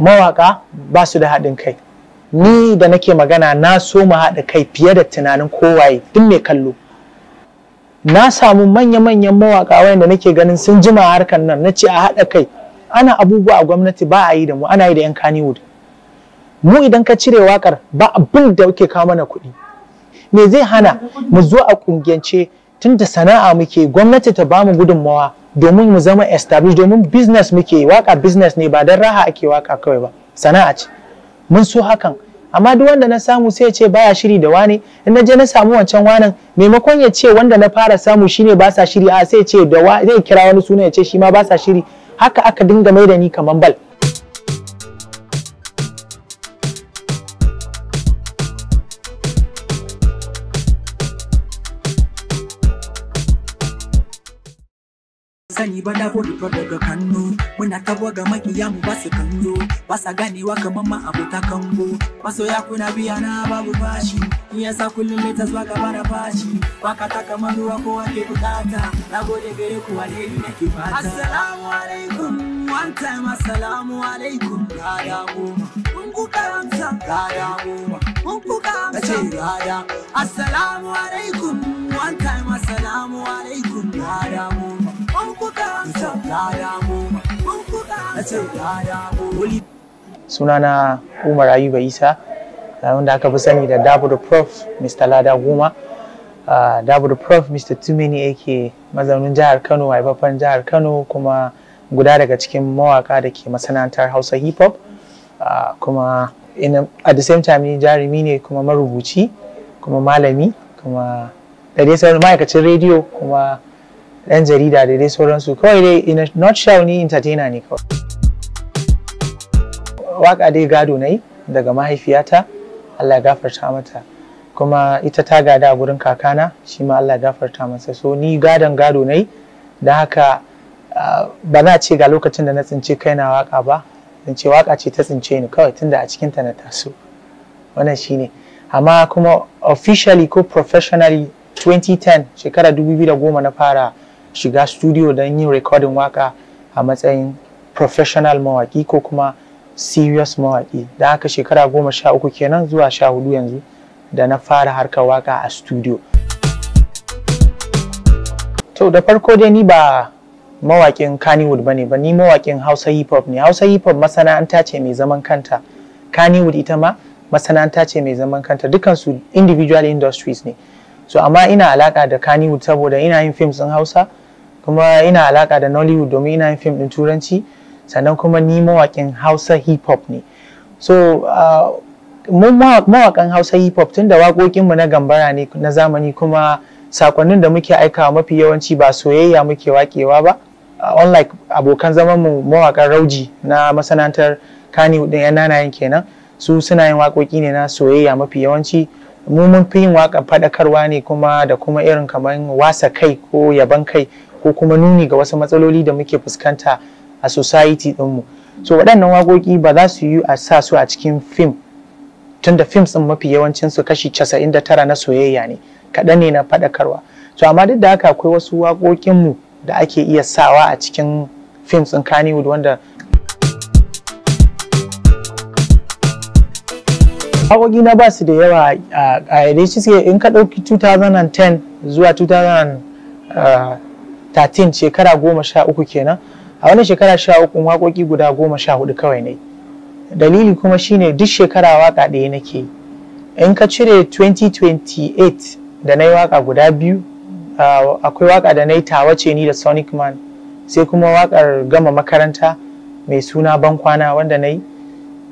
mawaka ba su da haɗin kai ni da nake magana na so mu haɗa kai fiye da tunanin kowaye duk mai kallo na samu manya-manyan mawaka wayanda nake ganin sun jima harkar nan na ce a haɗa kai ana abubuwa a gwamnati ba a yi da mu ana yi da 'yan kaniwood mu idan ka cire wakar ba abin da ke kawo mana kuɗi me zai hana mu zo a ƙungiyance tunda sana'a muke gwamnati ta bamu gudunmawa domin mu zama establish domin business muke waka business ne ba don raha ake waka kawai ba sana'a ce mun so hakan amma duk wanda na samu sai ya ce baya shiri da wane in na je na samu wancan wanan maimakon ya ce wanda na fara samu shine ba sa shiri a sai ya ce da wa zai kira wani suna ya ce shi ma ba sa shiri haka aka dinga mai da ni kaman bal sani ba na fito daga kanno muna kabuwa ga makiya mu ba su kallo ba sa ganewa kamar ma abota kango masoya kuna biya na babu bashi in ya sa kullum leta zuwa gaba da bashi waka ta kamar ruwa kowa ke bukata na gode gare ku alheri ke fata assalamu alaikum one time assalamu alaikum raya goma kun ku karanta raya goma mun ku ya raya assalamu alaikum one time assalamu alaikum raya goma sunana umar ayuba isa wanda aka fi sani da dabuda prof mr lada goma ah, dabuda prof mr tumini yake mazaunin jihar kano haifafan jihar kano kuma guda daga cikin mawaka da ke masana'antar hausa hip hop ah, kuma at the same time ni jarumi ne kuma marubuci kuma malami kuma da dai sauran ma'aikacin rediyo kuma ɗan jarida da dai sauransu kawai dai in not shall ni entertainer ne kawai waka dai gado na daga mahaifiyata Allah ya gafarta mata kuma ita ta gada a gurin kakana shi ma Allah ya gafarta masa so ni gadon gado na yi haka ba na ce ga lokacin da na tsince na waka ba zan ce waka ce ta tsince ni kawai tunda a cikin ta na taso wannan shine amma kuma officially ko professionally 2010 shekara 2010 na fara shiga studio don yin recording waka a matsayin professional mawaki ko kuma serious mawaki da haka shekara goma sha uku kenan zuwa sha hudu yanzu da na fara harkar waka a studio to da farko dai ni ba mawakin Kannywood ne ba ni mawakin Hausa hip hop ne Hausa hip hop masana'anta ce mai zaman kanta Kannywood ita ma masana'anta ce mai zaman kanta dukansu individual industries ne so amma ina alaka da Kannywood saboda ina yin fim din Hausa kuma ina alaka da Nollywood domin ina yin fim din Turanci sannan kuma ni mawakin Hausa hip hop ne so ah, mawakan Hausa hip hop tun da waƙoƙin na gambara ne na zamani kuma sakonnin da muke aikawa mafi yawanci ba soyayya muke wakewa ba ah, unlike abokan zaman mu mawakan rauji na masana'antar Kannywood din yan nanayen kenan su suna yin waƙoƙi ne na soyayya mafi yawanci mu mun fi yin waka faɗakarwa ne kuma da kuma irin kamar wasa kai ko yaban kai ko kuma nuni ga wasu matsaloli da muke fuskanta a society ɗinmu so waɗannan waƙoƙi ba za su yi a sa su a cikin fim tunda fim ɗin mafi yawancin su kashi 99 na soyayya ne kaɗan ne na faɗakarwa To amma duk da haka akwai wasu waƙoƙinmu da ake iya sawa a cikin fim sun Kannywood wanda Waƙoƙi na ba su da yawa a ƙayyade shi suke in ka ɗauki 2010 zuwa 2013 shekara goma sha uku kenan a wani shekara sha uku waƙoƙi guda goma sha hudu kawai ne dalili kuma shine duk shekara waƙa ɗaya nake yi in ka cire 2028 da na yi guda biyu akwai waka da na yi tawa ce ni da sonic man sai kuma waƙar gama makaranta mai suna bankwana wanda na yi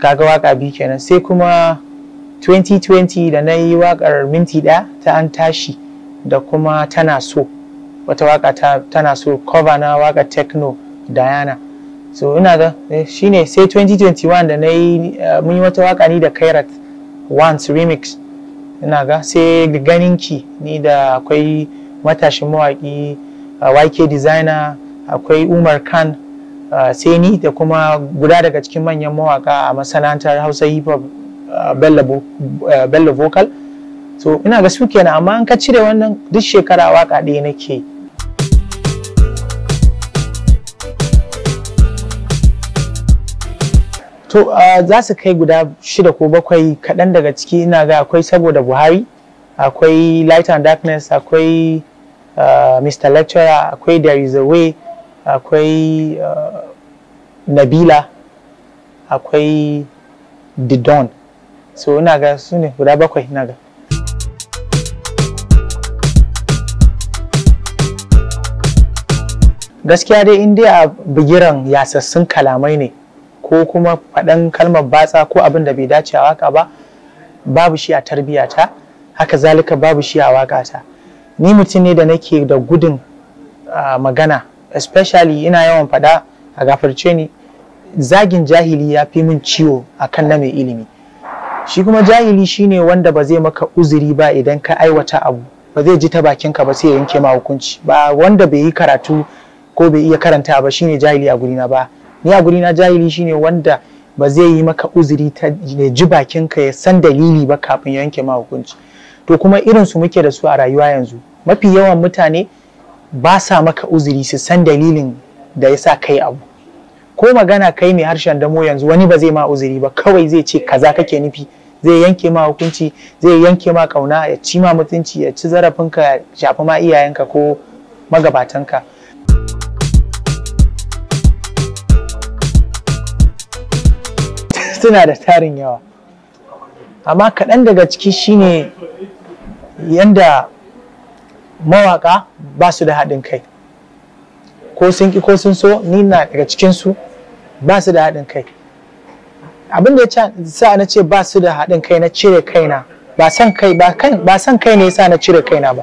kaga waƙa biyu kenan sai kuma 2020 da na yi waƙar minti ɗaya ta an tashi da kuma tana so wata waka ta, tana so cover na waka techno diana so ina eh, shine sai 2021 da na yi uh, yi wata waka ni da kairat once remix ina ga sai ganinki ni da akwai matashin mawaƙi uh, eh, yk designer akwai umar khan uh, sai ni da kuma guda daga cikin manyan mawaka a masana'antar hausa hip hop Uh, uh, bello vocal so ina ga su kenan amma an ka cire wannan duk shekara waka ɗaya nake To uh, za su kai guda shida ko bakwai kaɗan daga ciki ina ga akwai saboda Buhari, akwai Light and Darkness, akwai uh, Mr. Lecturer, akwai There is a Way, akwai uh, Nabila, akwai The Dawn. so ina ga su ne guda bakwai ina ga gaskiya dai in dai a bigiran yasassun kalamai ne ko kuma faɗan kalmar batsa ko abin da bai dace a waka ba babu shi a tarbiyata haka zalika babu shi a ta. ni mutum ne da nake da gudun magana especially ina yawan faɗa a gafarce ni zagin jahili ya fi min ciwo akan na mai ilimi shi kuma jahili shine wanda ba zai maka uzuri ba idan ka aiwata abu ba zai ji ta bakinka ba sai ya yanke ma hukunci ba wanda bai yi karatu ko bai iya karanta ba shine jahili a gurina ba ni a gurina jahili shine wanda ba zai yi maka uzuri ta ji bakinka ya san dalili ba kafin ya yanke ma hukunci to kuma irin su muke da su a rayuwa yanzu mafi yawan mutane ba sa maka uzuri su san dalilin da ya sa kai abu ko magana kai mai harshen damo yanzu wani ba zai ma uzuri ba kawai zai ce kaza kake nufi zai yanke ma hukunci zai yanke ma kauna ya ci ma mutunci ya ci zarafinka ya shafi ma iyayenka ko magabatanka suna da tarin yawa amma kaɗan daga ciki shine yanda mawaka ba su da haɗin kai ko sun ki ko sun so ni na daga cikinsu ba su da haɗin kai abin da ya sa na ce ba su da haɗin kai na cire kaina ba san kai ba kan ba san kai ne yasa na cire kaina ba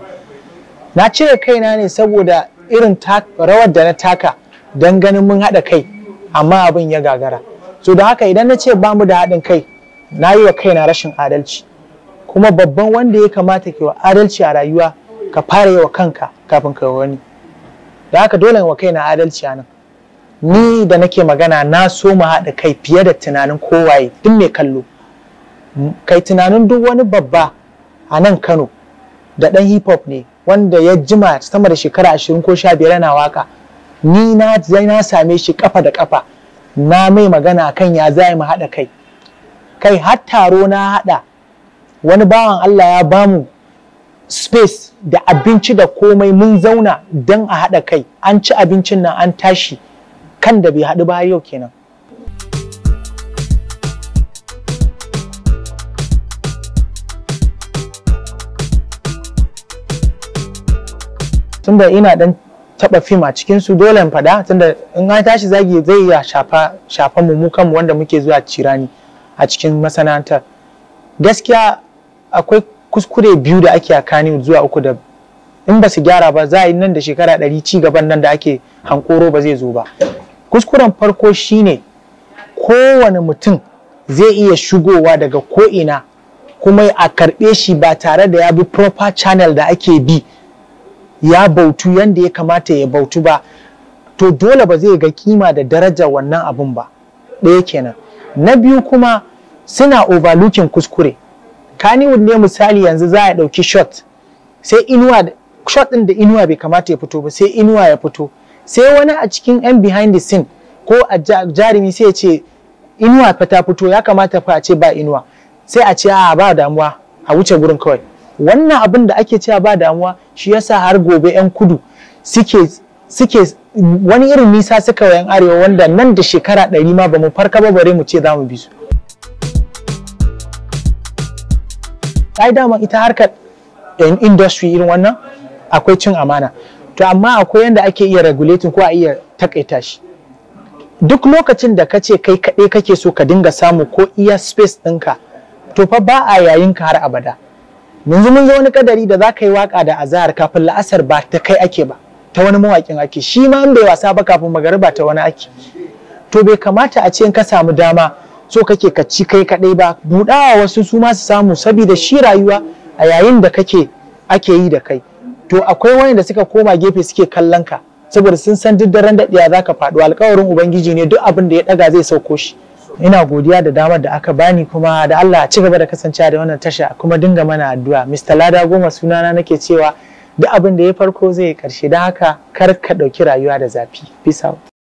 na cire kaina ne saboda irin rawar da na taka don ganin mun haɗa kai amma abin ya gagara so da haka idan na ce ba mu da haɗin kai na yi wa kaina rashin adalci kuma babban wanda ya kamata ke wa adalci a rayuwa ka fara yi wa kanka kafin ka wani da haka dole wa kaina adalci a nan ni da nake magana na so mu haɗa kai fiye da tunanin kowaye duk mai kallo kai tunanin duk wani babba a nan kano da ɗan hip hop ne wanda ya jima sama da shekara ashirin ko sha biyar yana waka ni na na same shi kafa da kafa na mai magana kan ya zai mu haɗa kai kai har taro na haɗa wani bawan Allah ya bamu space da abinci da komai mun zauna don a haɗa kai an ci abincin nan an tashi kan da bai haɗu ba yau kenan tunda ina dan taɓa fim a cikin su dole in fada tunda in an tashi zagi zai ya shafa shafa mu mu kanmu wanda muke zuwa cirani a cikin masana'antar gaskiya akwai kuskure biyu da ake akani zuwa uku da in ba su gyara ba za a yi nan da shekara ɗari ci gaban nan da ake hankoro ba zai zo ba kuskuren farko shine kowane mutum zai iya shigowa daga ko'ina kuma a karɓe shi ba tare da ya bi proper channel da ake bi ya bautu yadda ya kamata ya bautu ba to dole ba zai ga kima da daraja wannan abun ba ɗaya kenan na biyu kuma suna overlooking kuskure kaniwood ne misali yanzu za a ɗauki shot sai inuwa shot ɗin da inuwa bai kamata ya fito ba sai inuwa ya fito sai wani a cikin yan behind the scene ko a jarumi sai ya ce inuwa fa ta fito ya kamata fa a ce ba inuwa sai a ce a ba damuwa a wuce gurin kawai wannan abin da ake cewa ba damuwa shi yasa har gobe yan kudu suke suke wani irin nisa suka yan arewa wanda nan da shekara ɗari ma ba mu farka ba bare mu ce za mu bi su ai dama ita harkar eh, industry irin wannan akwai cin amana to amma akwai yanda ake iya regulating ko a iya takaita shi duk lokacin da ka ce kai kaɗai kake so ka dinga samu ko iya space ɗinka to fa ba a yayin ka har abada yanzu mun zo wani kadari da za ka yi waka da azahar kafin la'asar ba ta kai ake ba ta wani mawaƙin ake shi ma in bai wasa ba kafin magariba ta wani ake to bai kamata a ce in ka samu dama so kake ka ci kai kaɗai ba buɗawa wasu su ma su samu saboda shi rayuwa a yayin da kake ake yi da kai to akwai wanda suka koma gefe suke kallon ka saboda sun san duk daren daɗiya za ka faɗo alkawarin ubangiji ne duk abin da ya ɗaga zai sauko shi ina godiya da damar da aka bani kuma da Allah ci gaba da kasancewa da wannan tasha kuma dinga mana addu'a Mr. Lada goma sunana nake cewa duk abin da ya farko zai karshe don haka kar ka ɗauki rayuwa da zafi peace out